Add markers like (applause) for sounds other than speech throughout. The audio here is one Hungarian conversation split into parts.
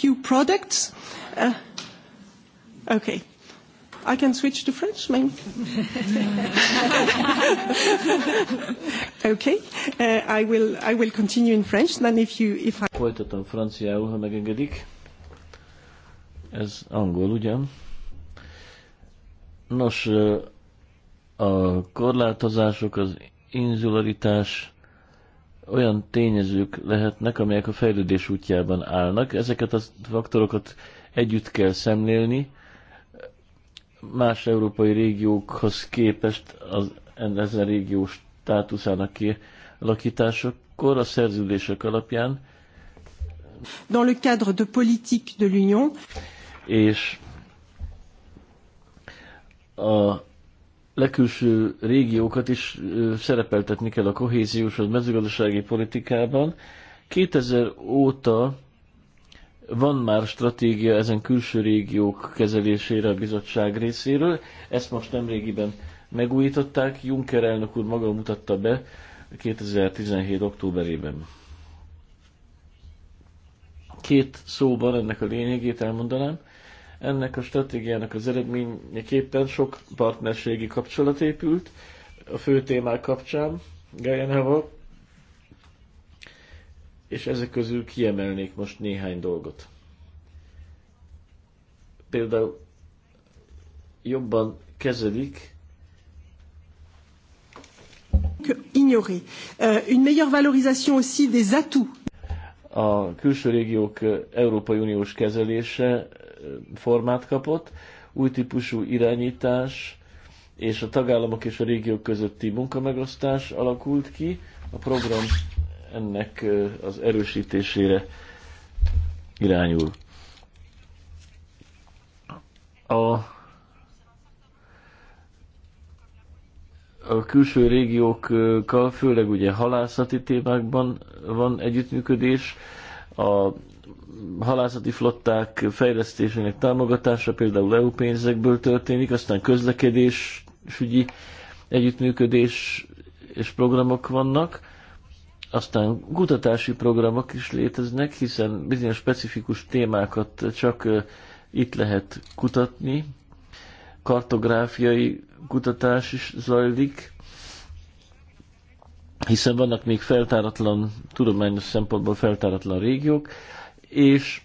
few products. Uh, okay. I can switch to French, maybe. (laughs) okay, uh, I will I will continue in French. Then if you if I. Folytatom franciául, ha megengedik. Ez angol, ugyan? Nos, a korlátozások, az inzularitás olyan tényezők lehetnek, amelyek a fejlődés útjában állnak. Ezeket a faktorokat együtt kell szemlélni. Más európai régiókhoz képest az, ezen régió státuszának kialakításakor a szerződések alapján. Dans le cadre de politique de l'Union. És a legkülső régiókat is szerepeltetni kell a kohéziós vagy mezőgazdasági politikában. 2000 óta van már stratégia ezen külső régiók kezelésére a bizottság részéről. Ezt most nemrégiben megújították. Juncker elnök úr maga mutatta be 2017. októberében. Két szóban ennek a lényegét elmondanám. Ennek a stratégiának az eredményeképpen sok partnerségi kapcsolat épült a fő témák kapcsán Gajanava, és ezek közül kiemelnék most néhány dolgot. Például jobban kezelik ignoré. Euh, une meilleure valorisation aussi des atouts. A külső régiók euh, Európai Uniós kezelése formát kapott, új típusú irányítás és a tagállamok és a régiók közötti munkamegosztás alakult ki. A program ennek az erősítésére irányul. A, a külső régiókkal, főleg ugye halászati témákban van együttműködés, a halászati flották fejlesztésének támogatása például EU pénzekből történik, aztán közlekedés, ügyi együttműködés és programok vannak, aztán kutatási programok is léteznek, hiszen bizonyos specifikus témákat csak itt lehet kutatni, kartográfiai kutatás is zajlik, hiszen vannak még feltáratlan, tudományos szempontból feltáratlan régiók, és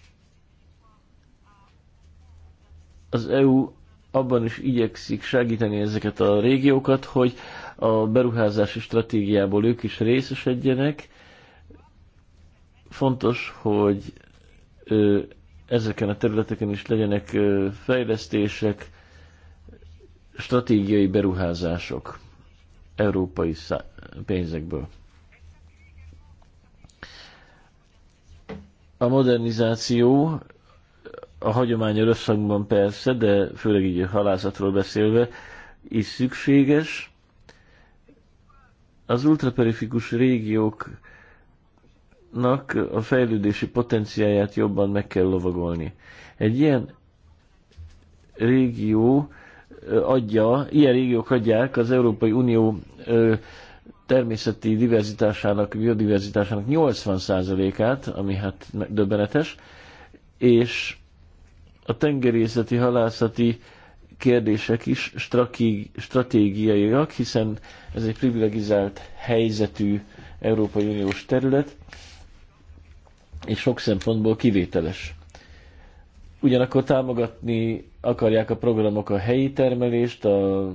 az EU abban is igyekszik segíteni ezeket a régiókat, hogy a beruházási stratégiából ők is részesedjenek. Fontos, hogy ö, ezeken a területeken is legyenek ö, fejlesztések, stratégiai beruházások európai pénzekből. A modernizáció a hagyományos összhangban persze, de főleg így a halászatról beszélve, is szükséges. Az ultraperifikus régióknak a fejlődési potenciáját jobban meg kell lovagolni. Egy ilyen régió adja, ilyen régiók adják az Európai Unió természeti diverzitásának, biodiverzitásának 80%-át, ami hát döbbenetes, és a tengerészeti, halászati kérdések is stratégiaiak, hiszen ez egy privilegizált helyzetű Európai Uniós terület, és sok szempontból kivételes. Ugyanakkor támogatni akarják a programok a helyi termelést, a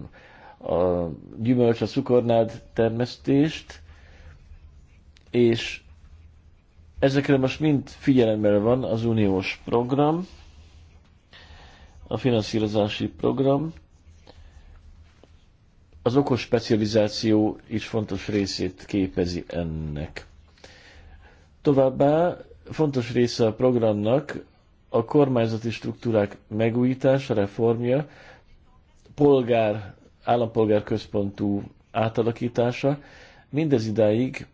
a gyümölcs, a cukornád termesztést, és ezekre most mind figyelemmel van az uniós program, a finanszírozási program, az okos specializáció is fontos részét képezi ennek. Továbbá fontos része a programnak a kormányzati struktúrák megújítása, reformja, polgár állampolgárközpontú átalakítása. Mindez idáig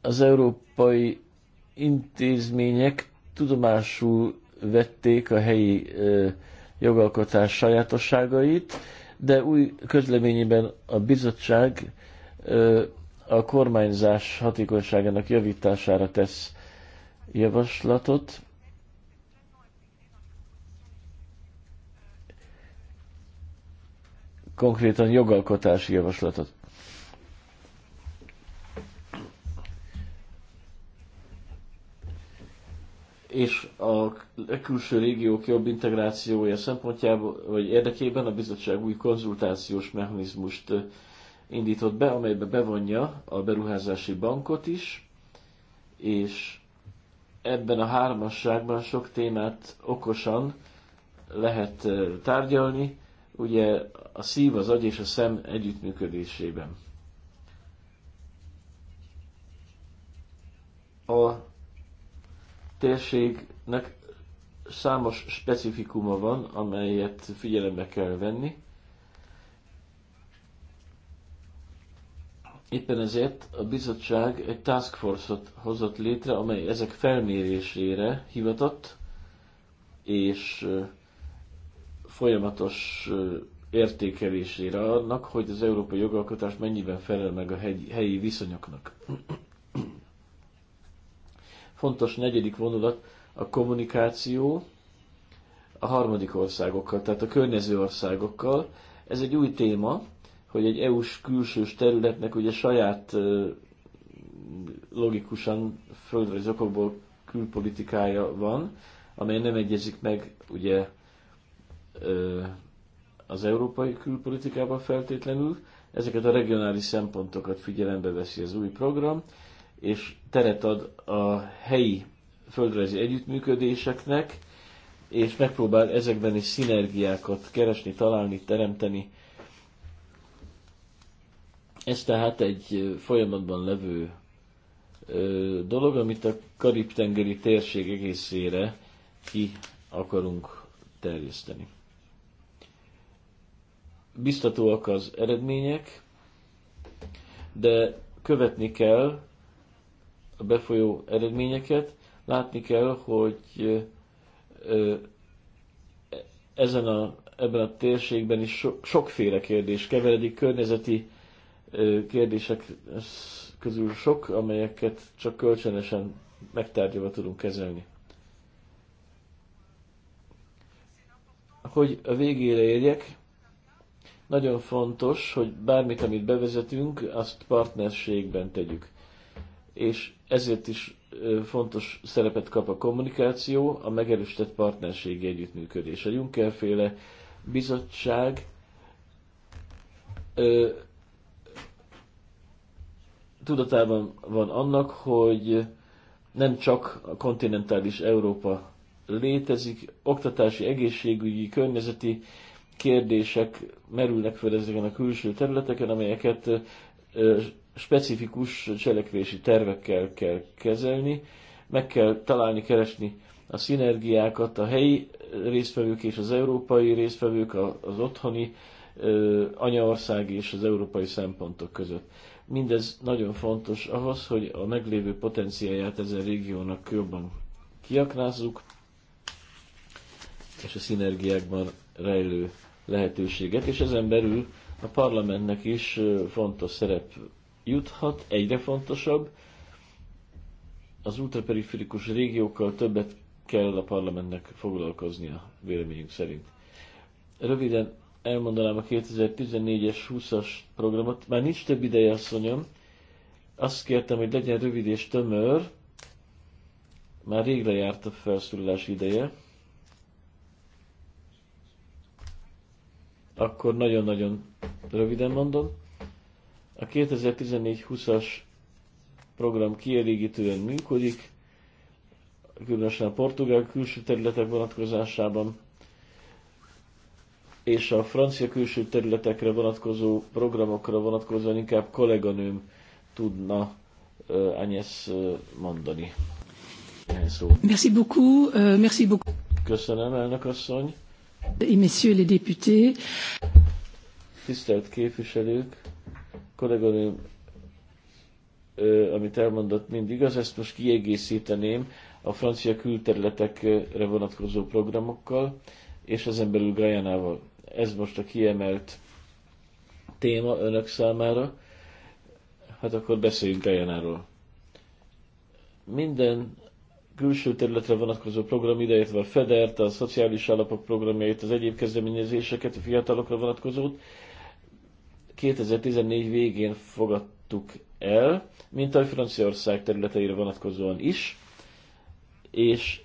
az európai intézmények tudomásul vették a helyi jogalkotás sajátosságait, de új közleményében a bizottság a kormányzás hatékonyságának javítására tesz javaslatot. konkrétan jogalkotási javaslatot. És a külső régiók jobb integrációja szempontjából, vagy érdekében a bizottság új konzultációs mechanizmust indított be, amelybe bevonja a beruházási bankot is, és ebben a hármasságban sok témát okosan lehet tárgyalni, ugye a szív, az agy és a szem együttműködésében. A térségnek számos specifikuma van, amelyet figyelembe kell venni. Éppen ezért a bizottság egy task force-ot hozott létre, amely ezek felmérésére hivatott, és folyamatos értékelésére annak, hogy az európai jogalkotás mennyiben felel meg a helyi viszonyoknak. Fontos negyedik vonulat a kommunikáció a harmadik országokkal, tehát a környező országokkal. Ez egy új téma, hogy egy EU-s külsős területnek ugye saját logikusan földrajzokból külpolitikája van, amely nem egyezik meg ugye az európai külpolitikában feltétlenül, ezeket a regionális szempontokat figyelembe veszi az új program, és teret ad a helyi földrajzi együttműködéseknek, és megpróbál ezekben is szinergiákat keresni, találni, teremteni. Ez tehát egy folyamatban levő dolog, amit a Karib-tengeri térség egészére ki akarunk terjeszteni biztatóak az eredmények, de követni kell a befolyó eredményeket, látni kell, hogy ezen a, ebben a térségben is so, sokféle kérdés keveredik, környezeti kérdések közül sok, amelyeket csak kölcsönösen megtárgyalva tudunk kezelni. Hogy a végére érjek, nagyon fontos, hogy bármit, amit bevezetünk, azt partnerségben tegyük. És ezért is fontos szerepet kap a kommunikáció, a megerősített partnerségi együttműködés. A Juncker féle bizottság ö, tudatában van annak, hogy nem csak a kontinentális Európa létezik, oktatási, egészségügyi, környezeti kérdések merülnek fel ezeken a külső területeken, amelyeket specifikus cselekvési tervekkel kell kezelni, meg kell találni, keresni a szinergiákat, a helyi résztvevők és az európai résztvevők, az otthoni anyaország és az európai szempontok között. Mindez nagyon fontos ahhoz, hogy a meglévő potenciáját ezen régiónak jobban kiaknázzuk, és a szinergiákban rejlő lehetőséget, és ezen belül a parlamentnek is fontos szerep juthat, egyre fontosabb. Az ultraperiférikus régiókkal többet kell a parlamentnek foglalkoznia, véleményünk szerint. Röviden elmondanám a 2014-es 20-as programot. Már nincs több ideje, asszonyom. Azt kértem, hogy legyen rövid és tömör. Már rég lejárt a felszólalás ideje. akkor nagyon-nagyon röviden mondom. A 2014-20-as program kielégítően működik, különösen a portugál külső területek vonatkozásában, és a francia külső területekre vonatkozó programokra vonatkozóan inkább kolléganőm tudna Agnes mondani. Euh, Köszönöm, elnök asszony. Tisztelt képviselők, kolléganőm, amit elmondott mind igaz, ezt most kiegészíteném a francia külterületekre vonatkozó programokkal, és ezen belül Gajanával. Ez most a kiemelt téma önök számára. Hát akkor beszéljünk Gajanáról. Minden külső területre vonatkozó program, idejét, a FEDERT, a szociális alapok programjait, az egyéb kezdeményezéseket, a fiatalokra vonatkozót 2014 végén fogadtuk el, mint a Franciaország területeire vonatkozóan is, és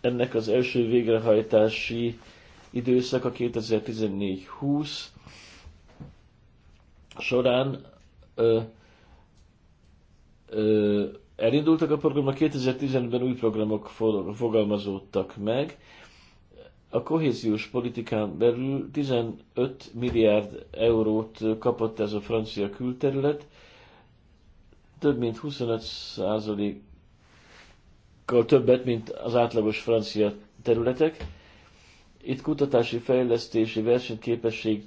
ennek az első végrehajtási időszaka 2014-20 során ö, ö, elindultak a programok, 2015-ben új programok fogalmazódtak meg. A kohéziós politikán belül 15 milliárd eurót kapott ez a francia külterület, több mint 25 százalékkal többet, mint az átlagos francia területek itt kutatási, fejlesztési, versenyképesség,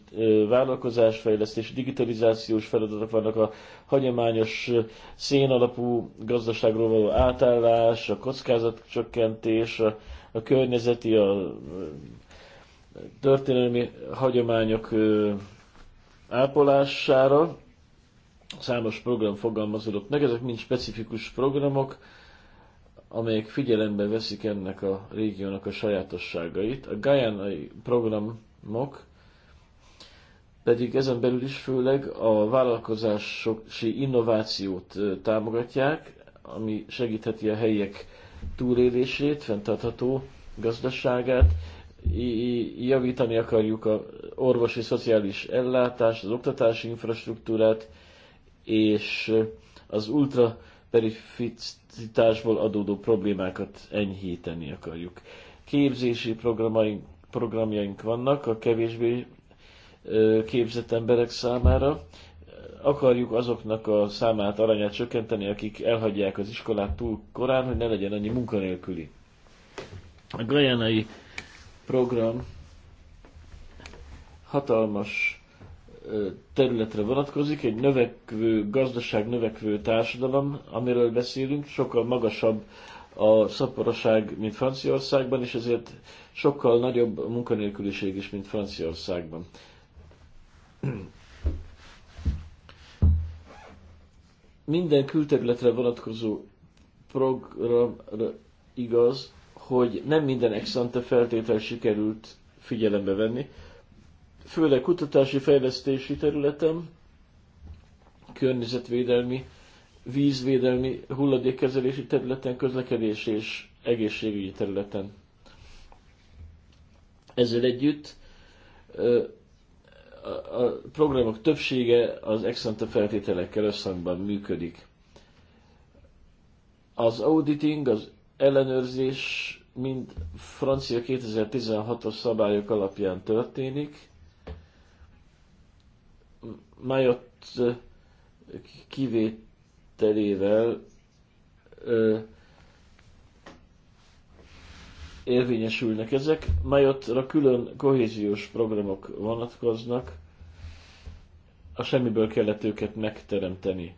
fejlesztés, digitalizációs feladatok vannak a hagyományos szénalapú gazdaságról való átállás, a kockázatcsökkentés, a, a környezeti, a történelmi hagyományok ápolására. Számos program fogalmazódott meg, ezek mind specifikus programok, amelyek figyelembe veszik ennek a régiónak a sajátosságait. A gajánai programok pedig ezen belül is főleg a vállalkozási innovációt támogatják, ami segítheti a helyiek túlélését, fenntartható gazdaságát, javítani akarjuk a orvosi szociális ellátást, az oktatási infrastruktúrát, és az ultra perificitásból adódó problémákat enyhíteni akarjuk. Képzési programaink, programjaink vannak a kevésbé képzett emberek számára. Akarjuk azoknak a számát, arányát csökkenteni, akik elhagyják az iskolát túl korán, hogy ne legyen annyi munkanélküli. A gajanai program hatalmas területre vonatkozik, egy növekvő gazdaság, növekvő társadalom, amiről beszélünk, sokkal magasabb a szaporoság, mint Franciaországban, és ezért sokkal nagyobb a munkanélküliség is, mint Franciaországban. Minden külterületre vonatkozó programra igaz, hogy nem minden ex ante feltétel sikerült figyelembe venni, főleg kutatási fejlesztési területen, környezetvédelmi, vízvédelmi, hulladékkezelési területen, közlekedés és egészségügyi területen. Ezzel együtt a programok többsége az exante feltételekkel összhangban működik. Az auditing, az ellenőrzés mind francia 2016-os szabályok alapján történik, majot kivételével érvényesülnek ezek. Majottra külön kohéziós programok vonatkoznak, a semmiből kellett őket megteremteni.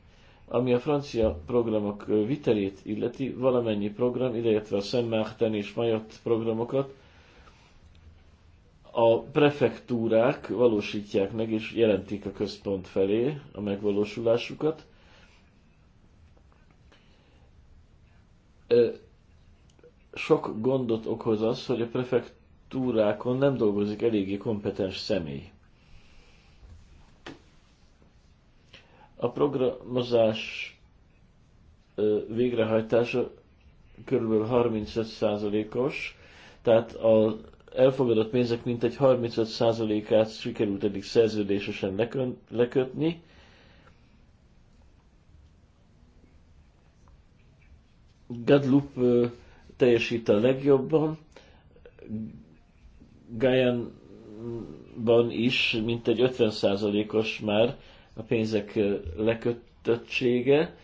Ami a francia programok vitelét illeti, valamennyi program, illetve a Saint-Martin és majot programokat a prefektúrák valósítják meg és jelentik a központ felé a megvalósulásukat. Sok gondot okoz az, hogy a prefektúrákon nem dolgozik eléggé kompetens személy. A programozás végrehajtása kb. 35%-os, tehát a elfogadott pénzek mintegy 35%-át sikerült eddig szerződésesen lekötni. Gadlup teljesít a legjobban, Gaianban is mintegy 50%-os már a pénzek lekötöttsége.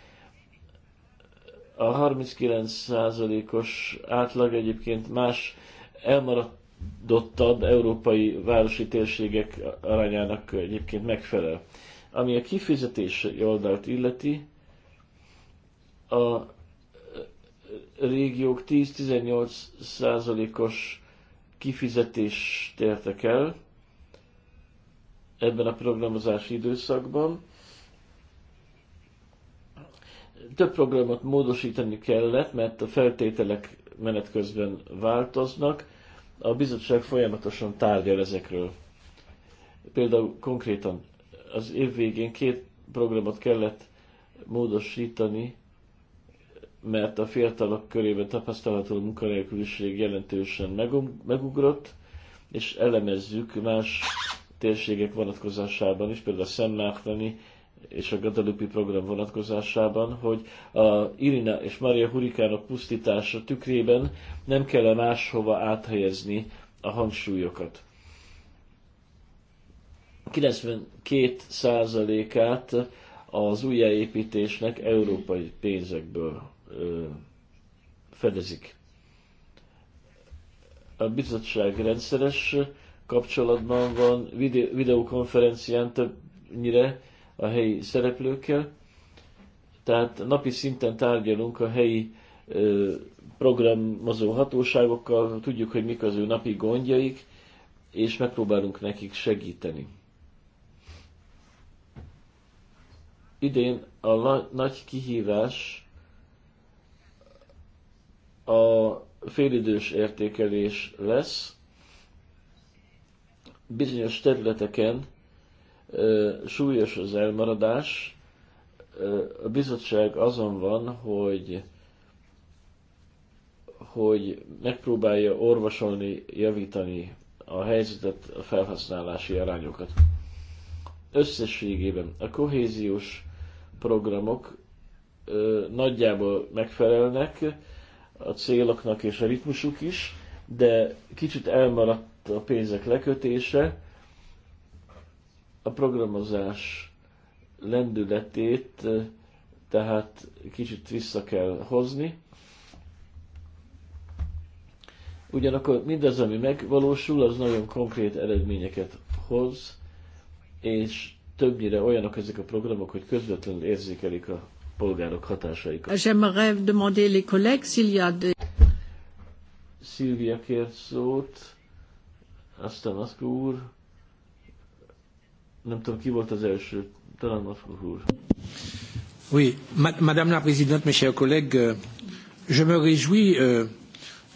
A 39%-os átlag egyébként más elmaradt dottad európai városi térségek arányának egyébként megfelel. Ami a kifizetési oldalt illeti, a régiók 10-18 százalékos kifizetést értek el ebben a programozási időszakban. Több programot módosítani kellett, mert a feltételek menet közben változnak a bizottság folyamatosan tárgyal ezekről. Például konkrétan az év végén két programot kellett módosítani, mert a fiatalok körében tapasztalható munkanélküliség jelentősen megugrott, és elemezzük más térségek vonatkozásában is, például a Szennártani és a Guadalupe program vonatkozásában, hogy a Irina és Maria hurikánok pusztítása tükrében nem kell -e máshova áthelyezni a hangsúlyokat. 92%-át az újjáépítésnek európai pénzekből ö, fedezik. A bizottság rendszeres kapcsolatban van, videokonferencián többnyire a helyi szereplőkkel. Tehát napi szinten tárgyalunk a helyi ö, programozó hatóságokkal, tudjuk, hogy mik az ő napi gondjaik, és megpróbálunk nekik segíteni. Idén a la- nagy kihívás a félidős értékelés lesz. Bizonyos területeken súlyos az elmaradás. A bizottság azon van, hogy hogy megpróbálja orvosolni, javítani a helyzetet, a felhasználási arányokat. Összességében a kohéziós programok nagyjából megfelelnek a céloknak és a ritmusuk is, de kicsit elmaradt a pénzek lekötése, a programozás lendületét eh, tehát kicsit vissza kell hozni. Ugyanakkor mindez, ami megvalósul, az nagyon konkrét eredményeket hoz, és többnyire olyanok ezek a programok, hogy közvetlenül érzékelik a polgárok hatásaikat. J'aimerais demander les collègues s'il y a de... Szilvia kért szót, aztán az úr, nem tudom, ki volt az első. Talán Moszkó úr. Oui, Madame la Présidente, mes chers collègues, euh, je me réjouis euh,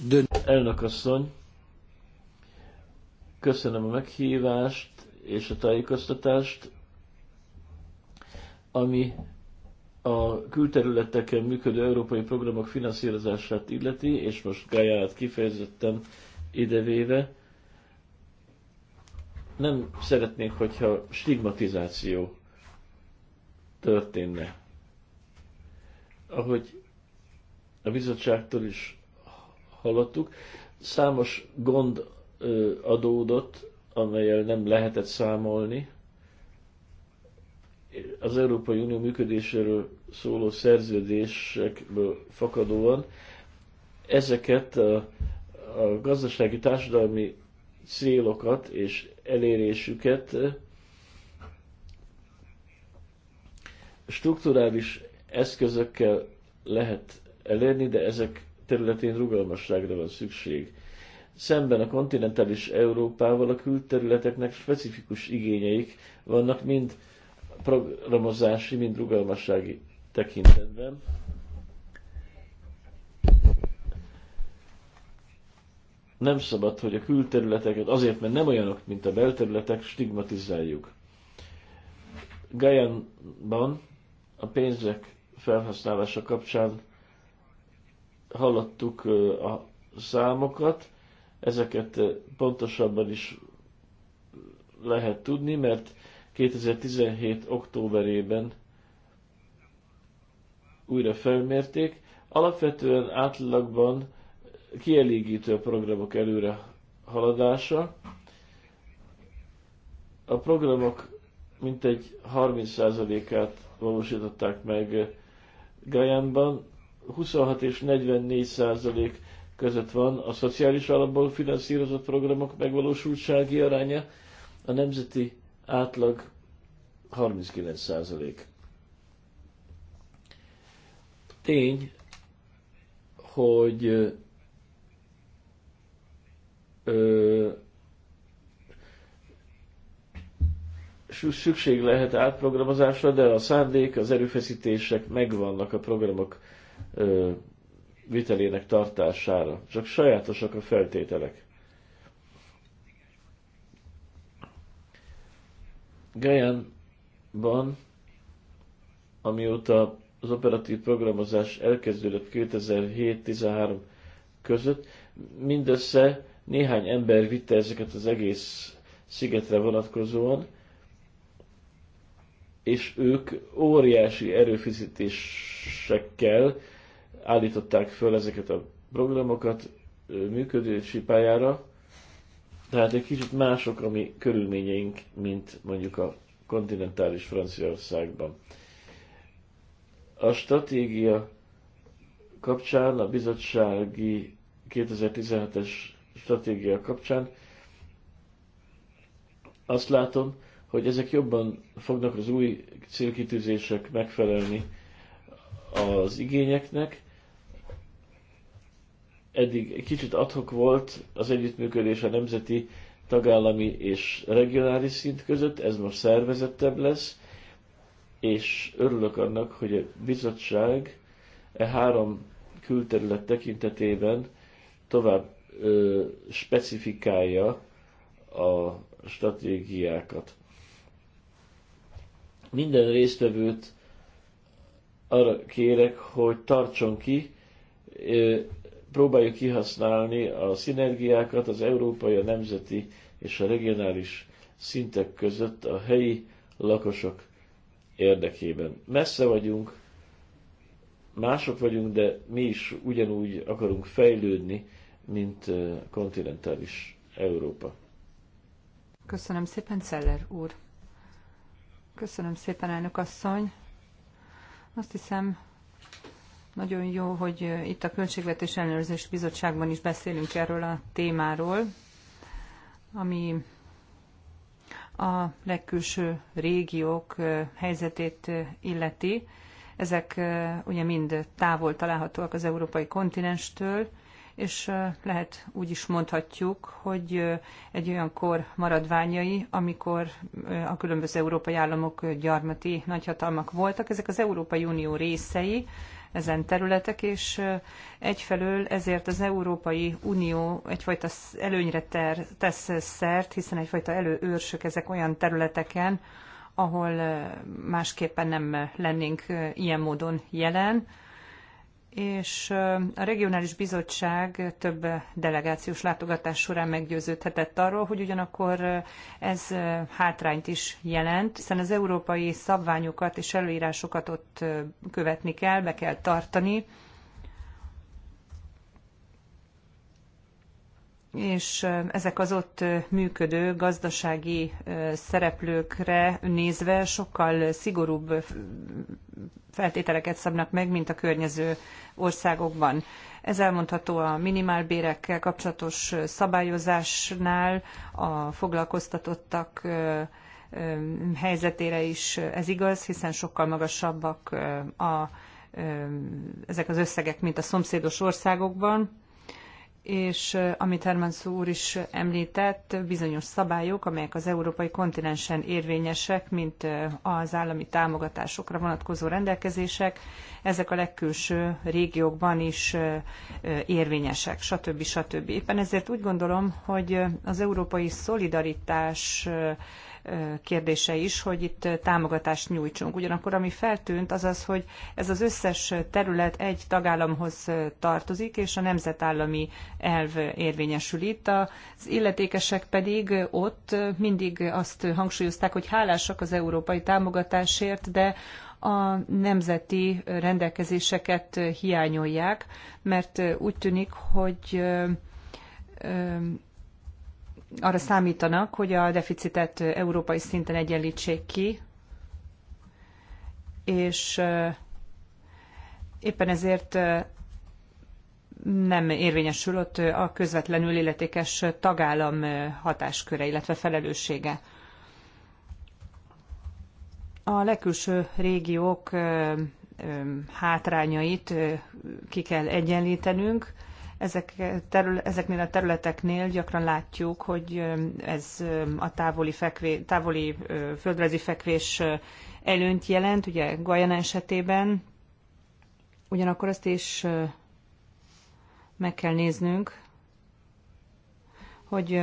de... Elnök asszony, köszönöm a meghívást és a tájékoztatást, ami a külterületeken működő európai programok finanszírozását illeti, és most Gáját kifejezetten idevéve, nem szeretnénk, hogyha stigmatizáció történne. Ahogy a bizottságtól is hallottuk, számos gond adódott, amelyel nem lehetett számolni. Az Európai Unió működéséről szóló szerződésekből fakadóan ezeket a, a gazdasági társadalmi célokat és elérésüket strukturális eszközökkel lehet elérni, de ezek területén rugalmasságra van szükség. Szemben a kontinentális Európával a külterületeknek specifikus igényeik vannak mind programozási, mind rugalmassági tekintetben. nem szabad, hogy a külterületeket azért, mert nem olyanok, mint a belterületek, stigmatizáljuk. Gajanban a pénzek felhasználása kapcsán hallottuk a számokat, ezeket pontosabban is lehet tudni, mert 2017. októberében újra felmérték. Alapvetően átlagban kielégítő a programok előre haladása. A programok mintegy 30%-át valósították meg Gajánban, 26 és 44 százalék között van a szociális alapból finanszírozott programok megvalósultsági aránya, a nemzeti átlag 39 százalék. Tény, hogy szükség lehet átprogramozásra, de a szándék, az erőfeszítések megvannak a programok ö, vitelének tartására. Csak sajátosak a feltételek. Gajánban, amióta az operatív programozás elkezdődött 2007-13 között, mindössze néhány ember vitte ezeket az egész szigetre vonatkozóan, és ők óriási erőfizetésekkel állították föl ezeket a programokat működési pályára, tehát egy kicsit mások a mi körülményeink, mint mondjuk a kontinentális Franciaországban. A stratégia kapcsán a bizottsági 2017-es stratégia kapcsán azt látom, hogy ezek jobban fognak az új célkitűzések megfelelni az igényeknek. Eddig egy kicsit adhok volt az együttműködés a nemzeti, tagállami és regionális szint között, ez most szervezettebb lesz, és örülök annak, hogy a bizottság e három külterület tekintetében tovább ö, specifikálja a stratégiákat. Minden résztvevőt arra kérek, hogy tartson ki, ö, próbáljuk kihasználni a szinergiákat az európai, a nemzeti és a regionális szintek között a helyi lakosok érdekében. Messze vagyunk, mások vagyunk, de mi is ugyanúgy akarunk fejlődni, mint kontinentális Európa. Köszönöm szépen, Szeller úr. Köszönöm szépen, elnök asszony. Azt hiszem, nagyon jó, hogy itt a Költségvetés Ellenőrzés Bizottságban is beszélünk erről a témáról, ami a legkülső régiók helyzetét illeti. Ezek ugye mind távol találhatóak az európai kontinenstől, és lehet úgy is mondhatjuk, hogy egy olyan kor maradványai, amikor a különböző európai államok gyarmati nagyhatalmak voltak, ezek az Európai Unió részei, ezen területek, és egyfelől ezért az Európai Unió egyfajta előnyre ter, tesz szert, hiszen egyfajta előőrsök ezek olyan területeken, ahol másképpen nem lennénk ilyen módon jelen, és a regionális bizottság több delegációs látogatás során meggyőződhetett arról, hogy ugyanakkor ez hátrányt is jelent, hiszen az európai szabványokat és előírásokat ott követni kell, be kell tartani, és ezek az ott működő gazdasági szereplőkre nézve sokkal szigorúbb feltételeket szabnak meg, mint a környező országokban. Ez elmondható a minimálbérekkel kapcsolatos szabályozásnál, a foglalkoztatottak helyzetére is ez igaz, hiszen sokkal magasabbak a, ezek az összegek, mint a szomszédos országokban és amit Szó úr is említett, bizonyos szabályok, amelyek az európai kontinensen érvényesek, mint az állami támogatásokra vonatkozó rendelkezések, ezek a legkülső régiókban is érvényesek, stb. stb. Éppen ezért úgy gondolom, hogy az európai szolidaritás kérdése is, hogy itt támogatást nyújtsunk. Ugyanakkor ami feltűnt, az az, hogy ez az összes terület egy tagállamhoz tartozik, és a nemzetállami elv érvényesül itt. Az illetékesek pedig ott mindig azt hangsúlyozták, hogy hálásak az európai támogatásért, de a nemzeti rendelkezéseket hiányolják, mert úgy tűnik, hogy arra számítanak, hogy a deficitet európai szinten egyenlítsék ki, és éppen ezért nem érvényesül ott a közvetlenül illetékes tagállam hatásköre, illetve felelőssége. A legkülső régiók hátrányait ki kell egyenlítenünk, ezek terül, ezeknél a területeknél gyakran látjuk, hogy ez a távoli, fekvé, távoli földrajzi fekvés előnyt jelent, ugye Gajana esetében. Ugyanakkor azt is meg kell néznünk, hogy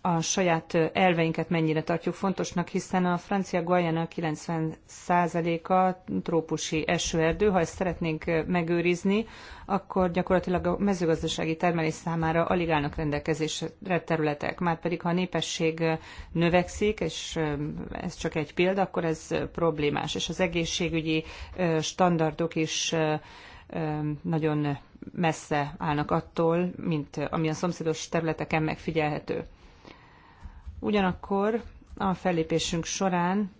a saját elveinket mennyire tartjuk fontosnak, hiszen a francia Guayana 90%-a trópusi esőerdő. Ha ezt szeretnénk megőrizni, akkor gyakorlatilag a mezőgazdasági termelés számára alig állnak rendelkezésre területek. Márpedig, ha a népesség növekszik, és ez csak egy példa, akkor ez problémás. És az egészségügyi standardok is nagyon messze állnak attól, mint ami a szomszédos területeken megfigyelhető. Ugyanakkor a fellépésünk során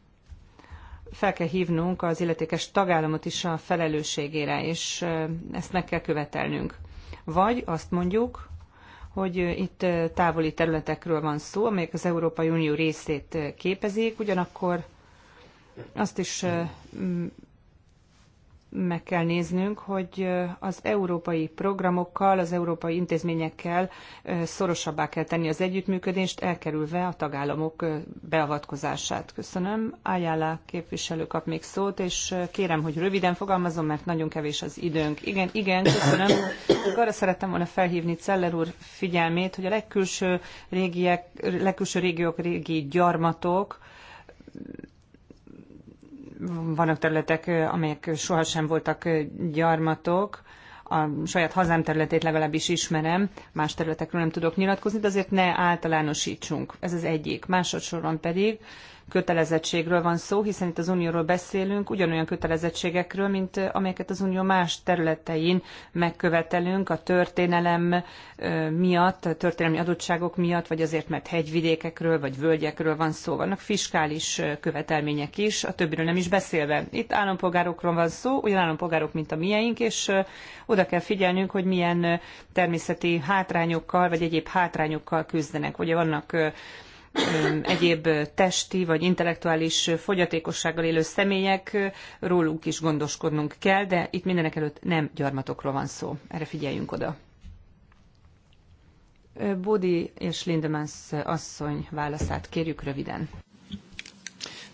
fel kell hívnunk az illetékes tagállamot is a felelősségére, és ezt meg kell követelnünk. Vagy azt mondjuk, hogy itt távoli területekről van szó, amelyek az Európai Unió részét képezik, ugyanakkor azt is meg kell néznünk, hogy az európai programokkal, az európai intézményekkel szorosabbá kell tenni az együttműködést, elkerülve a tagállamok beavatkozását. Köszönöm. Ájálá képviselő kap még szót, és kérem, hogy röviden fogalmazom, mert nagyon kevés az időnk. Igen, igen, köszönöm. Arra szerettem volna felhívni Celler úr figyelmét, hogy a legkülső, régiek, legkülső régiók, régi gyarmatok, vannak területek, amelyek sohasem voltak gyarmatok, a saját hazám területét legalábbis ismerem, más területekről nem tudok nyilatkozni, de azért ne általánosítsunk. Ez az egyik. Másodszorban pedig kötelezettségről van szó, hiszen itt az Unióról beszélünk, ugyanolyan kötelezettségekről, mint eh, amelyeket az Unió más területein megkövetelünk a történelem eh, miatt, a történelmi adottságok miatt, vagy azért, mert hegyvidékekről vagy völgyekről van szó. Vannak fiskális eh, követelmények is, a többiről nem is beszélve. Itt állampolgárokról van szó, olyan állampolgárok, mint a mieink, és oda kell figyelnünk, hogy milyen természeti hátrányokkal, vagy egyéb hátrányokkal küzdenek. Ugye vannak egyéb testi vagy intellektuális fogyatékossággal élő személyek, róluk is gondoskodnunk kell, de itt mindenek előtt nem gyarmatokról van szó. Erre figyeljünk oda. Bodi és Lindemans asszony válaszát kérjük röviden.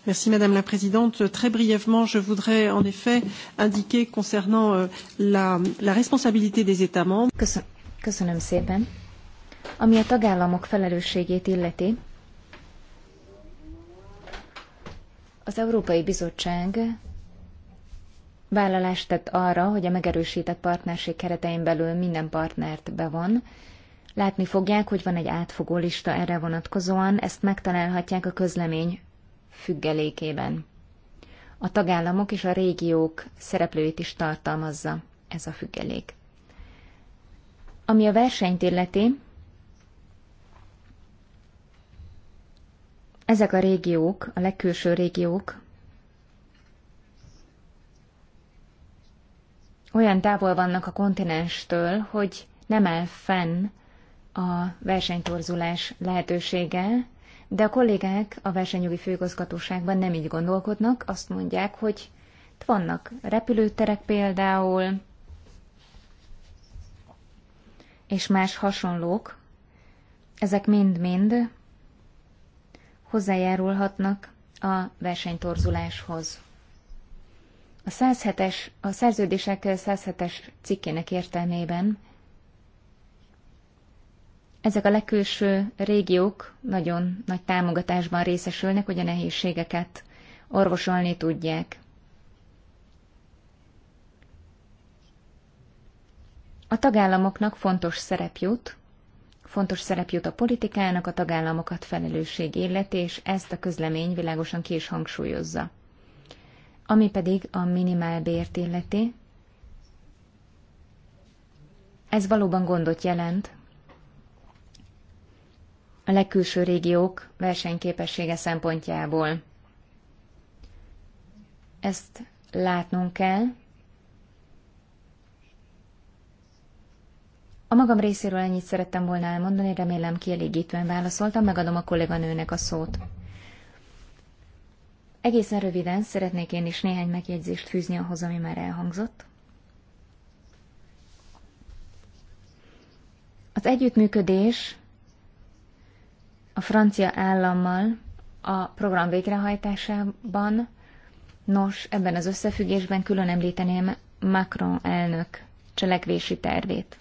Merci Madame la Présidente. Très brièvement, je voudrais en effet indiquer concernant euh, la, la responsabilité des États membres. köszönöm szépen. Ami a tagállamok felelősségét illeti, Az Európai Bizottság vállalást tett arra, hogy a megerősített partnerség keretein belül minden partnert bevon. Látni fogják, hogy van egy átfogó lista erre vonatkozóan, ezt megtalálhatják a közlemény függelékében. A tagállamok és a régiók szereplőit is tartalmazza ez a függelék. Ami a versenyt illeti, ezek a régiók, a legkülső régiók olyan távol vannak a kontinenstől, hogy nem áll fenn a versenytorzulás lehetősége, de a kollégák a versenyjogi főigazgatóságban nem így gondolkodnak, azt mondják, hogy vannak repülőterek például, és más hasonlók, ezek mind-mind hozzájárulhatnak a versenytorzuláshoz. A, 107-es, a szerződések 107-es cikkének értelmében ezek a legkülső régiók nagyon nagy támogatásban részesülnek, hogy a nehézségeket orvosolni tudják. A tagállamoknak fontos szerep jut Fontos szerep jut a politikának, a tagállamokat felelősség illeti, és ezt a közlemény világosan ki is hangsúlyozza. Ami pedig a minimálbért illeti, ez valóban gondot jelent. A legkülső régiók versenyképessége szempontjából. Ezt látnunk kell, A magam részéről ennyit szerettem volna elmondani, remélem kielégítően válaszoltam, megadom a kolléganőnek a szót. Egészen röviden szeretnék én is néhány megjegyzést fűzni ahhoz, ami már elhangzott. Az együttműködés a francia állammal a program végrehajtásában, nos, ebben az összefüggésben külön említeném Macron elnök cselekvési tervét.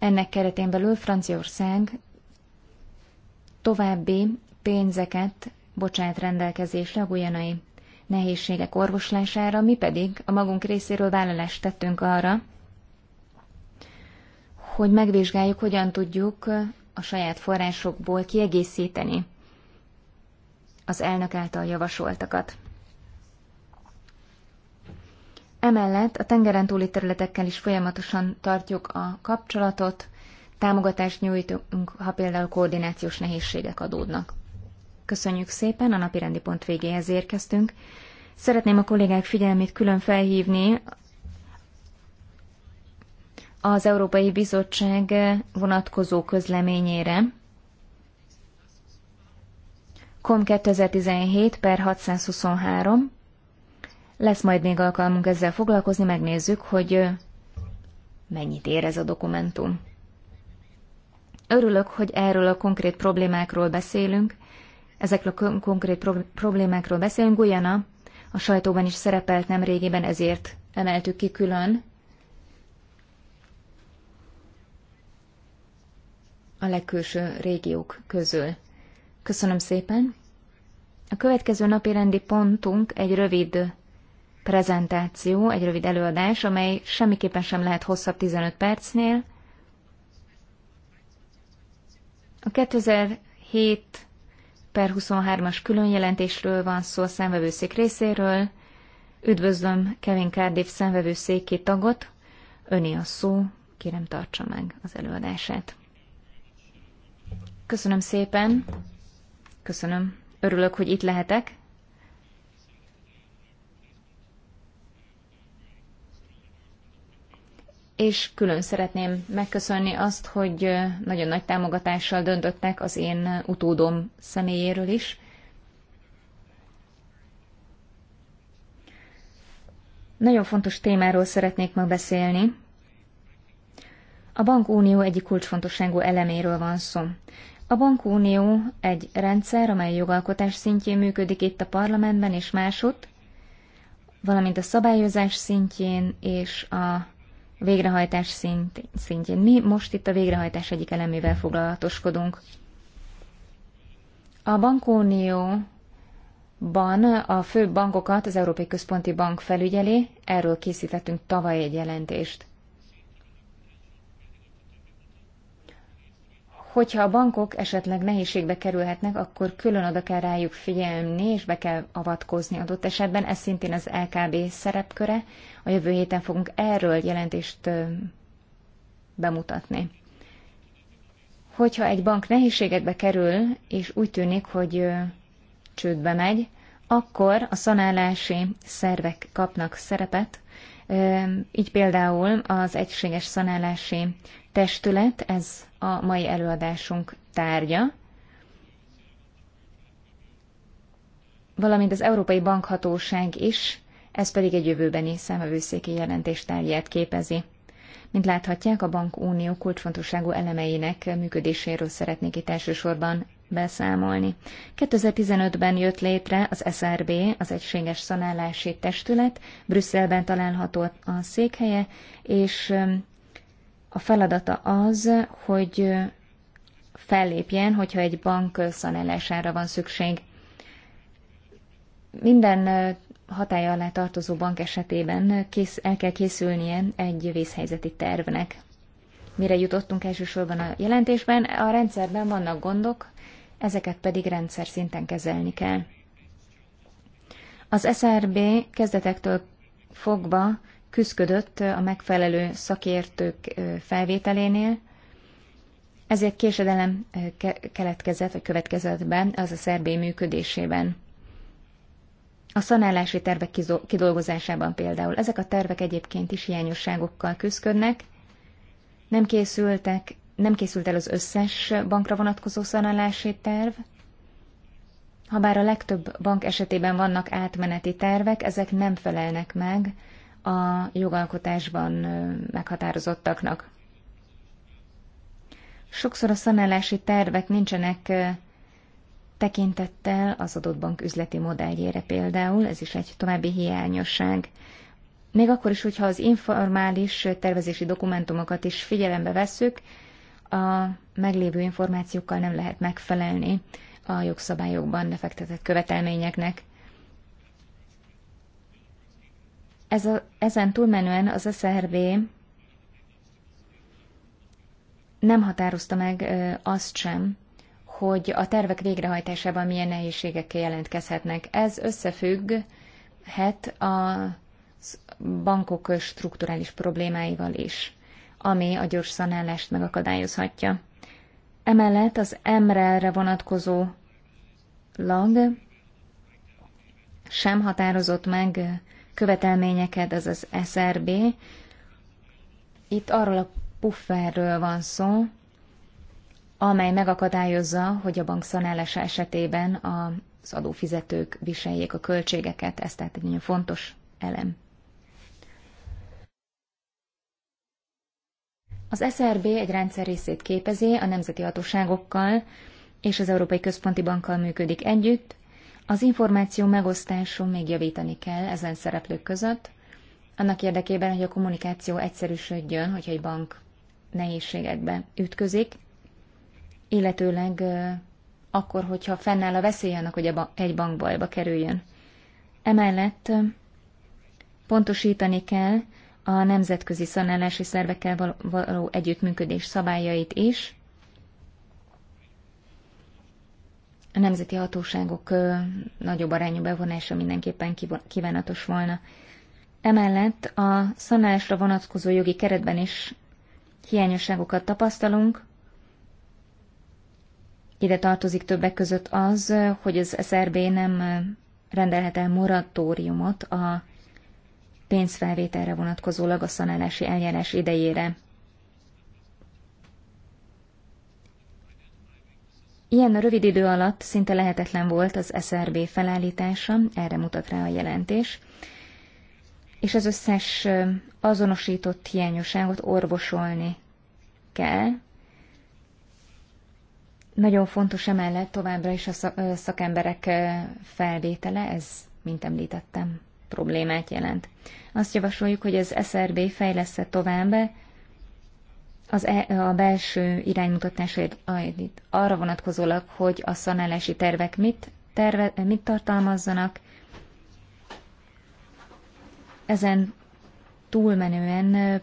Ennek keretén belül Franciaország további pénzeket bocsát rendelkezésre a gujanai nehézségek orvoslására, mi pedig a magunk részéről vállalást tettünk arra, hogy megvizsgáljuk, hogyan tudjuk a saját forrásokból kiegészíteni az elnök által javasoltakat. Emellett a tengeren túli területekkel is folyamatosan tartjuk a kapcsolatot, támogatást nyújtunk, ha például koordinációs nehézségek adódnak. Köszönjük szépen, a napirendi pont végéhez érkeztünk. Szeretném a kollégák figyelmét külön felhívni az Európai Bizottság vonatkozó közleményére. KOM 2017 per 623, lesz majd még alkalmunk ezzel foglalkozni, megnézzük, hogy mennyit ér ez a dokumentum. Örülök, hogy erről a konkrét problémákról beszélünk. Ezekről a konkrét problémákról beszélünk. Guyana a sajtóban is szerepelt nem régiben, ezért emeltük ki külön. A legkülső régiók közül. Köszönöm szépen! A következő napi rendi pontunk egy rövid prezentáció, egy rövid előadás, amely semmiképpen sem lehet hosszabb 15 percnél. A 2007 per 23-as különjelentésről van szó a szemvevőszék részéről. Üdvözlöm Kevin Cardiff szemvevőszéki tagot. Öni a szó, kérem tartsa meg az előadását. Köszönöm szépen. Köszönöm. Örülök, hogy itt lehetek. és külön szeretném megköszönni azt, hogy nagyon nagy támogatással döntöttek az én utódom személyéről is. Nagyon fontos témáról szeretnék ma beszélni. A bankunió egyik kulcsfontosságú eleméről van szó. A bankunió egy rendszer, amely jogalkotás szintjén működik itt a parlamentben és másutt, valamint a szabályozás szintjén és a végrehajtás szint, szintjén. Mi most itt a végrehajtás egyik elemével foglalatoskodunk. A bankunióban a fő bankokat az Európai Központi Bank felügyeli, erről készítettünk tavaly egy jelentést. hogyha a bankok esetleg nehézségbe kerülhetnek, akkor külön oda kell rájuk figyelni, és be kell avatkozni adott esetben. Ez szintén az LKB szerepköre. A jövő héten fogunk erről jelentést bemutatni. Hogyha egy bank nehézségekbe kerül, és úgy tűnik, hogy csődbe megy, akkor a szanálási szervek kapnak szerepet, így például az egységes szanálási testület, ez a mai előadásunk tárgya, valamint az Európai Bankhatóság is, ez pedig egy jövőbeni számövőszéki jelentés tárgyát képezi. Mint láthatják, a bankunió kulcsfontosságú elemeinek működéséről szeretnék itt elsősorban beszámolni. 2015-ben jött létre az SRB, az Egységes Szanálási Testület, Brüsszelben található a székhelye, és a feladata az, hogy fellépjen, hogyha egy bank szanálására van szükség. Minden hatája alá tartozó bank esetében kész, el kell készülnie egy vészhelyzeti tervnek. Mire jutottunk elsősorban a jelentésben, a rendszerben vannak gondok, ezeket pedig rendszer szinten kezelni kell. Az SRB kezdetektől fogva küzdött a megfelelő szakértők felvételénél, ezért késedelem keletkezett, vagy következett be az a szerbély működésében. A szanálási tervek kidolgozásában például. Ezek a tervek egyébként is hiányosságokkal küzdködnek, nem készültek, nem készült el az összes bankra vonatkozó szanálási terv, Habár a legtöbb bank esetében vannak átmeneti tervek, ezek nem felelnek meg a jogalkotásban meghatározottaknak. Sokszor a szanálási tervek nincsenek tekintettel az adott bank üzleti modelljére például, ez is egy további hiányosság. Még akkor is, hogyha az informális tervezési dokumentumokat is figyelembe vesszük, a meglévő információkkal nem lehet megfelelni a jogszabályokban lefektetett követelményeknek. Ez a, ezen túlmenően az SZRV nem határozta meg azt sem, hogy a tervek végrehajtásában milyen nehézségekkel jelentkezhetnek. Ez összefügghet a bankok strukturális problémáival is, ami a gyors szanálást megakadályozhatja. Emellett az MREL-re vonatkozó lag sem határozott meg követelményeket, az az SRB. Itt arról a pufferről van szó, amely megakadályozza, hogy a bank szanálása esetében az adófizetők viseljék a költségeket. Ez tehát egy nagyon fontos elem. Az SRB egy rendszer részét képezi a nemzeti hatóságokkal és az Európai Központi Bankkal működik együtt, az információ megosztáson még javítani kell ezen szereplők között, annak érdekében, hogy a kommunikáció egyszerűsödjön, hogyha egy bank nehézségekbe ütközik, illetőleg akkor, hogyha fennáll a veszély annak, hogy egy bank bajba kerüljön. Emellett pontosítani kell a nemzetközi szanálási szervekkel való együttműködés szabályait is, a nemzeti hatóságok nagyobb arányú bevonása mindenképpen kívánatos volna. Emellett a szanálásra vonatkozó jogi keretben is hiányosságokat tapasztalunk. Ide tartozik többek között az, hogy az SRB nem rendelhet el moratóriumot a pénzfelvételre vonatkozólag a szanálási eljárás idejére. Ilyen rövid idő alatt szinte lehetetlen volt az SRB felállítása, erre mutat rá a jelentés, és az összes azonosított hiányosságot orvosolni kell. Nagyon fontos emellett továbbra is a szakemberek felvétele, ez, mint említettem, problémát jelent. Azt javasoljuk, hogy az SRB fejlesz tovább az e, a belső iránymutatásait eh, arra vonatkozólag, hogy a szanálási tervek mit, terve, mit tartalmazzanak, ezen túlmenően eh,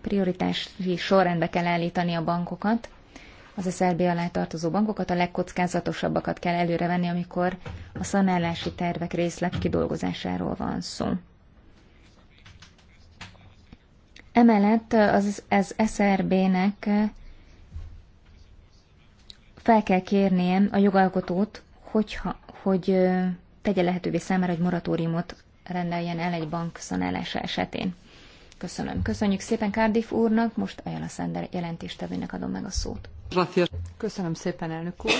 prioritási sorrendbe kell állítani a bankokat, az SZRB alá tartozó bankokat, a legkockázatosabbakat kell előrevenni, amikor a szanálási tervek részlet kidolgozásáról van szó. Emellett az, az SRB-nek fel kell kérnie a jogalkotót, hogyha, hogy tegye lehetővé számára, hogy moratóriumot rendeljen el egy bank szanálása esetén. Köszönöm. Köszönjük szépen Cardiff úrnak, most Ajala Szender jelentéstevőnek adom meg a szót. Köszönöm szépen, elnök úr.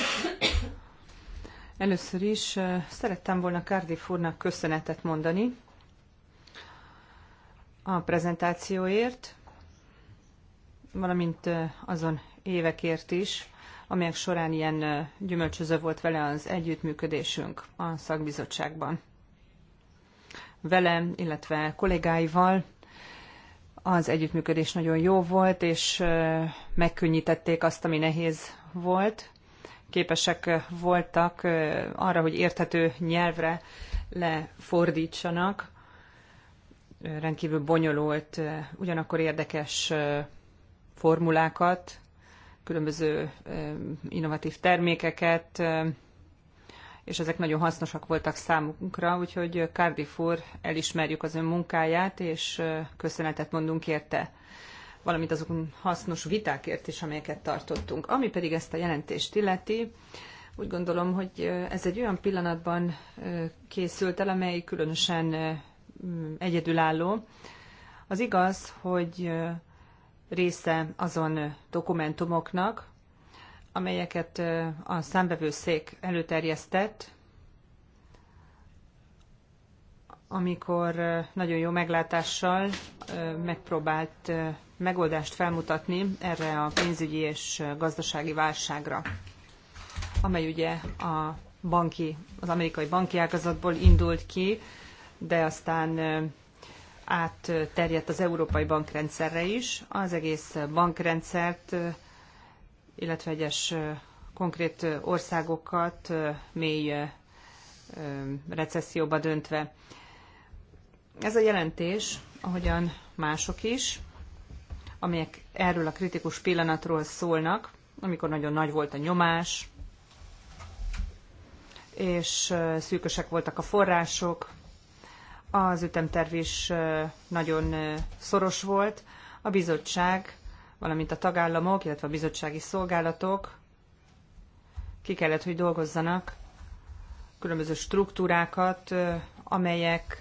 Először is szerettem volna Cardiff úrnak köszönetet mondani, a prezentációért, valamint azon évekért is, amelyek során ilyen gyümölcsöző volt vele az együttműködésünk a szakbizottságban. Vele, illetve kollégáival az együttműködés nagyon jó volt, és megkönnyítették azt, ami nehéz volt. Képesek voltak arra, hogy érthető nyelvre lefordítsanak rendkívül bonyolult, ugyanakkor érdekes formulákat, különböző innovatív termékeket, és ezek nagyon hasznosak voltak számunkra, úgyhogy Cardiff elismerjük az ön munkáját, és köszönetet mondunk érte, valamint azok hasznos vitákért is, amelyeket tartottunk. Ami pedig ezt a jelentést illeti, úgy gondolom, hogy ez egy olyan pillanatban készült el, amely különösen Mm, egyedülálló. Az igaz, hogy része azon dokumentumoknak, amelyeket a számbevőszék előterjesztett, amikor nagyon jó meglátással megpróbált megoldást felmutatni erre a pénzügyi és gazdasági válságra, amely ugye a banki, az amerikai banki ágazatból indult ki, de aztán átterjedt az európai bankrendszerre is. Az egész bankrendszert, illetve egyes konkrét országokat mély recesszióba döntve. Ez a jelentés, ahogyan mások is, amelyek erről a kritikus pillanatról szólnak, amikor nagyon nagy volt a nyomás, és szűkösek voltak a források, az ütemterv is nagyon szoros volt. A bizottság, valamint a tagállamok, illetve a bizottsági szolgálatok ki kellett, hogy dolgozzanak különböző struktúrákat, amelyek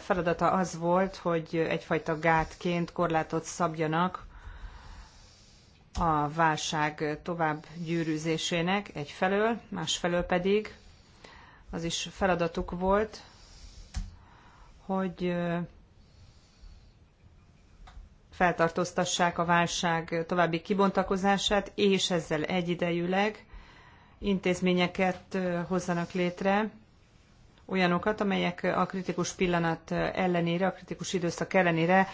feladata az volt, hogy egyfajta gátként korlátot szabjanak a válság tovább gyűrűzésének egyfelől, másfelől pedig az is feladatuk volt, hogy feltartóztassák a válság további kibontakozását, és ezzel egyidejűleg intézményeket hozzanak létre, olyanokat, amelyek a kritikus pillanat ellenére, a kritikus időszak ellenére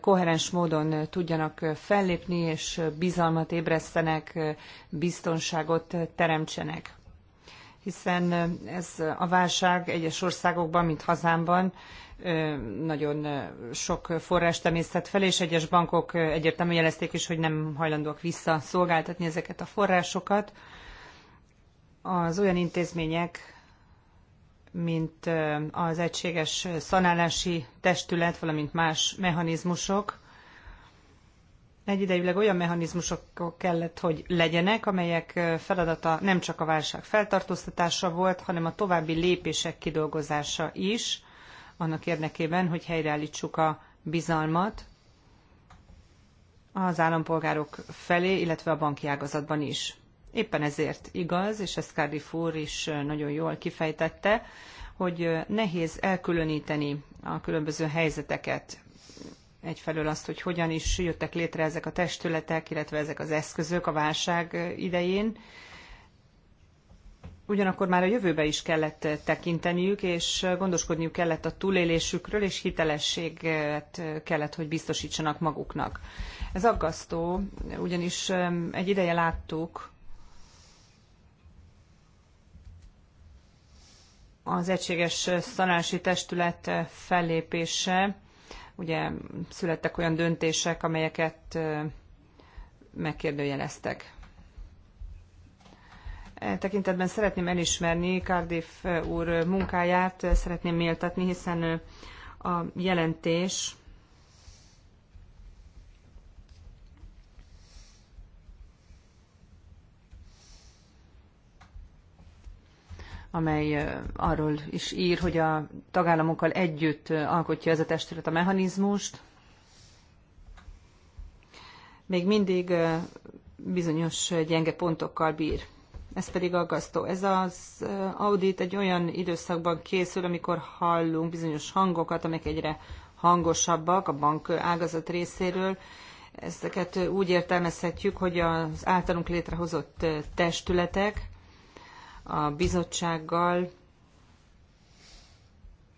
koherens módon tudjanak fellépni, és bizalmat ébresztenek, biztonságot teremtsenek. Hiszen ez a válság egyes országokban, mint hazámban nagyon sok forrás temésztett fel, és egyes bankok egyértelműen jelezték is, hogy nem hajlandóak visszaszolgáltatni ezeket a forrásokat. Az olyan intézmények, mint az egységes szanálási testület, valamint más mechanizmusok, egyidejűleg olyan mechanizmusok kellett, hogy legyenek, amelyek feladata nem csak a válság feltartóztatása volt, hanem a további lépések kidolgozása is, annak érdekében, hogy helyreállítsuk a bizalmat az állampolgárok felé, illetve a banki ágazatban is. Éppen ezért igaz, és ezt Cardiff úr is nagyon jól kifejtette, hogy nehéz elkülöníteni a különböző helyzeteket. Egyfelől azt, hogy hogyan is jöttek létre ezek a testületek, illetve ezek az eszközök a válság idején, ugyanakkor már a jövőbe is kellett tekinteniük, és gondoskodniuk kellett a túlélésükről, és hitelességet kellett, hogy biztosítsanak maguknak. Ez aggasztó, ugyanis egy ideje láttuk az Egységes Szanási Testület fellépése, ugye születtek olyan döntések, amelyeket megkérdőjeleztek. E tekintetben szeretném elismerni Cardiff e, úr e, munkáját, szeretném méltatni, hiszen a jelentés amely arról is ír, hogy a tagállamokkal együtt alkotja ez a testület a mechanizmust. Még mindig bizonyos gyenge pontokkal bír ez pedig aggasztó. Ez az audit egy olyan időszakban készül, amikor hallunk bizonyos hangokat, amik egyre hangosabbak a bank ágazat részéről. Ezeket úgy értelmezhetjük, hogy az általunk létrehozott testületek a bizottsággal,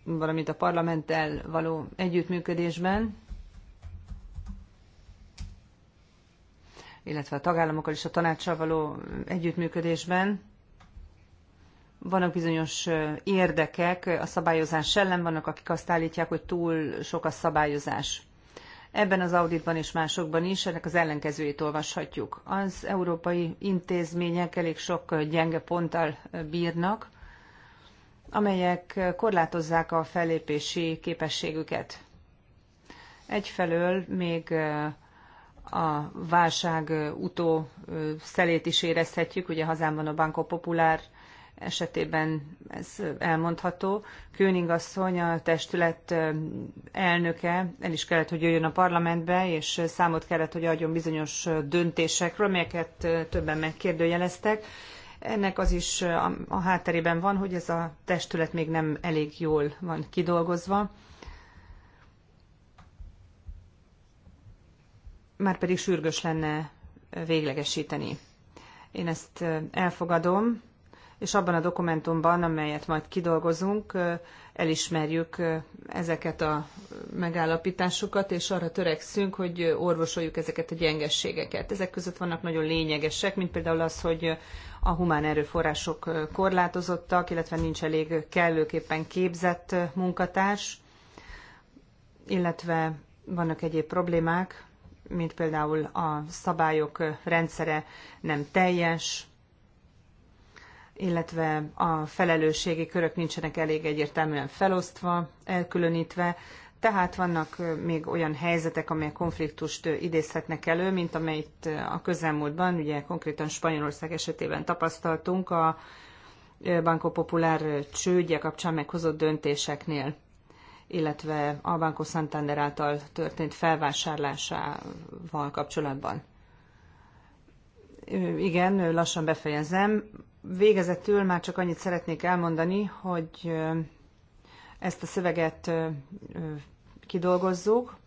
valamint a parlamenttel való együttműködésben illetve a tagállamokkal és a tanácssal való együttműködésben. Vannak bizonyos érdekek a szabályozás ellen, vannak akik azt állítják, hogy túl sok a szabályozás. Ebben az auditban és másokban is ennek az ellenkezőjét olvashatjuk. Az európai intézmények elég sok gyenge ponttal bírnak, amelyek korlátozzák a fellépési képességüket. Egyfelől még a válság utó szelét is érezhetjük, ugye hazámban a Banco Popular esetében ez elmondható. Kőning asszony, a testület elnöke, el is kellett, hogy jöjjön a parlamentbe, és számot kellett, hogy adjon bizonyos döntésekről, melyeket többen megkérdőjeleztek. Ennek az is a hátterében van, hogy ez a testület még nem elég jól van kidolgozva már pedig sürgős lenne véglegesíteni. Én ezt elfogadom, és abban a dokumentumban, amelyet majd kidolgozunk, elismerjük ezeket a megállapításokat, és arra törekszünk, hogy orvosoljuk ezeket a gyengességeket. Ezek között vannak nagyon lényegesek, mint például az, hogy a humán erőforrások korlátozottak, illetve nincs elég kellőképpen képzett munkatárs, illetve vannak egyéb problémák, mint például a szabályok rendszere nem teljes, illetve a felelősségi körök nincsenek elég egyértelműen felosztva, elkülönítve, tehát vannak még olyan helyzetek, amelyek konfliktust idézhetnek elő, mint amelyet a közelmúltban, ugye konkrétan Spanyolország esetében tapasztaltunk a Banco Popular csődje kapcsán meghozott döntéseknél illetve a Banco Santander által történt felvásárlásával kapcsolatban. Igen, lassan befejezem. Végezetül már csak annyit szeretnék elmondani, hogy ezt a szöveget kidolgozzuk,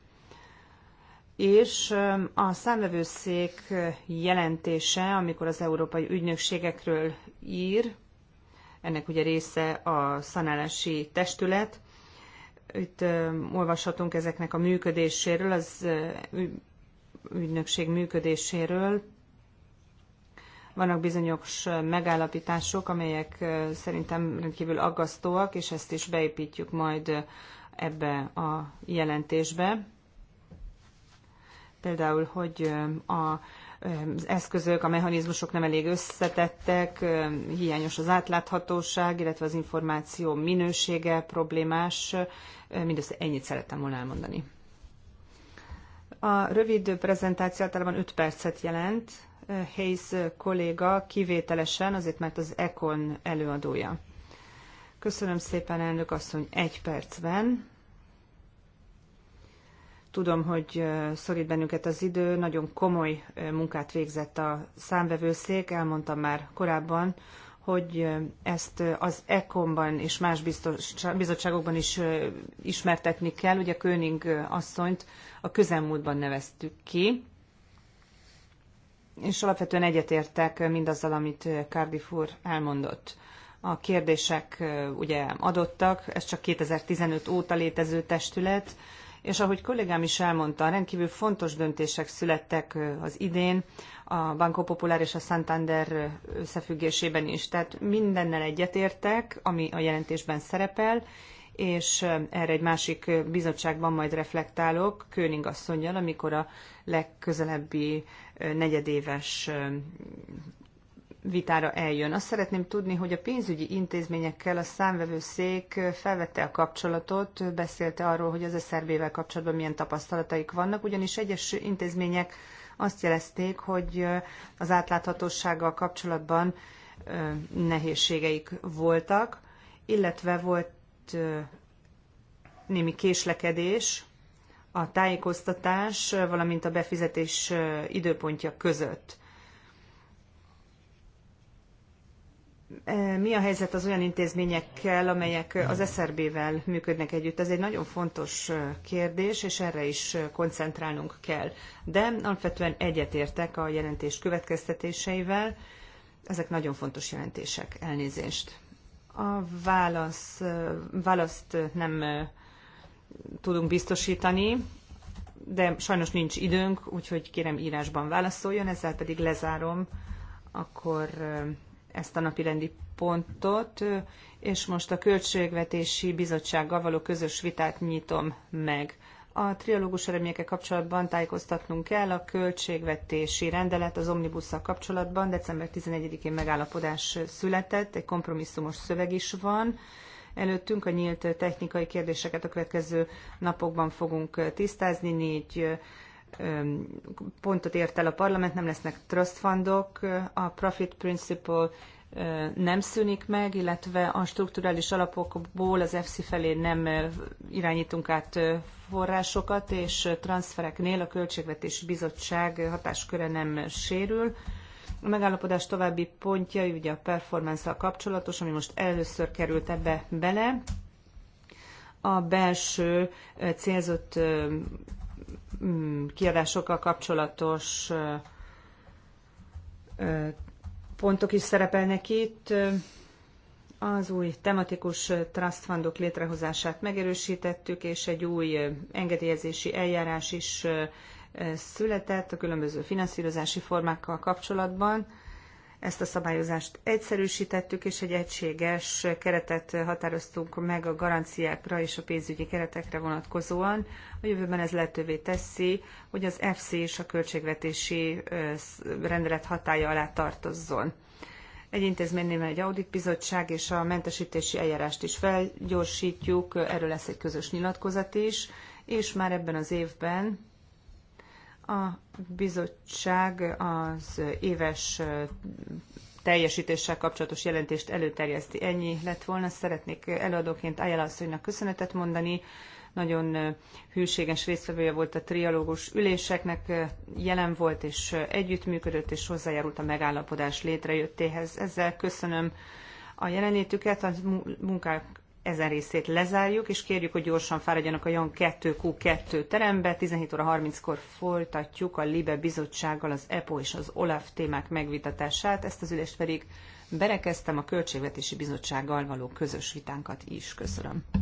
és a számvevőszék jelentése, amikor az európai ügynökségekről ír, ennek ugye része a szanálási testület, itt olvashatunk ezeknek a működéséről, az ügynökség működéséről. Vannak bizonyos megállapítások, amelyek szerintem rendkívül aggasztóak, és ezt is beépítjük majd ebbe a jelentésbe. Például, hogy a az eszközök, a mechanizmusok nem elég összetettek, hiányos az átláthatóság, illetve az információ minősége problémás. Mindössze ennyit szerettem volna elmondani. A rövid prezentáció általában 5 percet jelent. Hayes kolléga kivételesen, azért mert az Econ előadója. Köszönöm szépen, elnök asszony, egy percben. Tudom, hogy szorít bennünket az idő, nagyon komoly munkát végzett a számvevőszék, elmondtam már korábban, hogy ezt az ECOM-ban és más biztos, bizottságokban is ismertetni kell. Ugye König asszonyt a közelmúltban neveztük ki, és alapvetően egyetértek mindazzal, amit Cardiff úr elmondott. A kérdések ugye adottak, ez csak 2015 óta létező testület, és ahogy kollégám is elmondta, rendkívül fontos döntések születtek az idén, a Banco Popular és a Santander összefüggésében is. Tehát mindennel egyetértek, ami a jelentésben szerepel, és erre egy másik bizottságban majd reflektálok Kőning asszonyjal, amikor a legközelebbi negyedéves vitára eljön. Azt szeretném tudni, hogy a pénzügyi intézményekkel a számvevőszék felvette a kapcsolatot, beszélte arról, hogy az SZRB-vel kapcsolatban milyen tapasztalataik vannak, ugyanis egyes intézmények azt jelezték, hogy az átláthatósággal kapcsolatban nehézségeik voltak, illetve volt némi késlekedés a tájékoztatás, valamint a befizetés időpontja között. E, mi a helyzet az olyan intézményekkel, amelyek az SRB-vel működnek együtt? Ez egy nagyon fontos e, kérdés, és erre is e, koncentrálnunk kell. De alapvetően egyetértek a jelentés következtetéseivel. Ezek nagyon fontos jelentések. Elnézést. A válasz, választ nem tudunk biztosítani, de sajnos nincs időnk, úgyhogy kérem írásban válaszoljon, ezzel pedig lezárom. Akkor ezt a rendi pontot, és most a Költségvetési Bizottsággal való közös vitát nyitom meg. A trialógus eredményekkel kapcsolatban tájékoztatnunk kell a költségvetési rendelet az omnibusszal kapcsolatban. December 11-én megállapodás született, egy kompromisszumos szöveg is van. Előttünk a nyílt technikai kérdéseket a következő napokban fogunk tisztázni, négy pontot ért el a parlament, nem lesznek trust fundok, a profit principle nem szűnik meg, illetve a strukturális alapokból az EFSI felé nem irányítunk át forrásokat, és transfereknél a Költségvetési Bizottság hatásköre nem sérül. A megállapodás további pontja, ugye a performance kapcsolatos, ami most először került ebbe bele, a belső célzott Mm, kiadásokkal kapcsolatos pontok is szerepelnek itt. Az új tematikus trust fundok létrehozását megerősítettük, és egy új engedélyezési eljárás is született a különböző finanszírozási formákkal kapcsolatban ezt a szabályozást egyszerűsítettük, és egy egységes keretet határoztunk meg a garanciákra és a pénzügyi keretekre vonatkozóan. A jövőben ez lehetővé teszi, hogy az FC és a költségvetési rendelet hatája alá tartozzon. Egy intézménynél egy auditbizottság és a mentesítési eljárást is felgyorsítjuk, erről lesz egy közös nyilatkozat is, és már ebben az évben a bizottság az éves teljesítéssel kapcsolatos jelentést előterjeszti. Ennyi lett volna. Szeretnék előadóként Ayala asszonynak köszönetet mondani. Nagyon hűséges résztvevője volt a trialógus üléseknek, jelen volt és együttműködött, és hozzájárult a megállapodás létrejöttéhez. Ezzel köszönöm a jelenlétüket, a munkák ezen részét lezárjuk, és kérjük, hogy gyorsan fáradjanak a Jan 2Q2 terembe. 17 óra 30-kor folytatjuk a Libe Bizottsággal az EPO és az OLAF témák megvitatását. Ezt az ülést pedig berekeztem a Költségvetési Bizottsággal való közös vitánkat is. Köszönöm.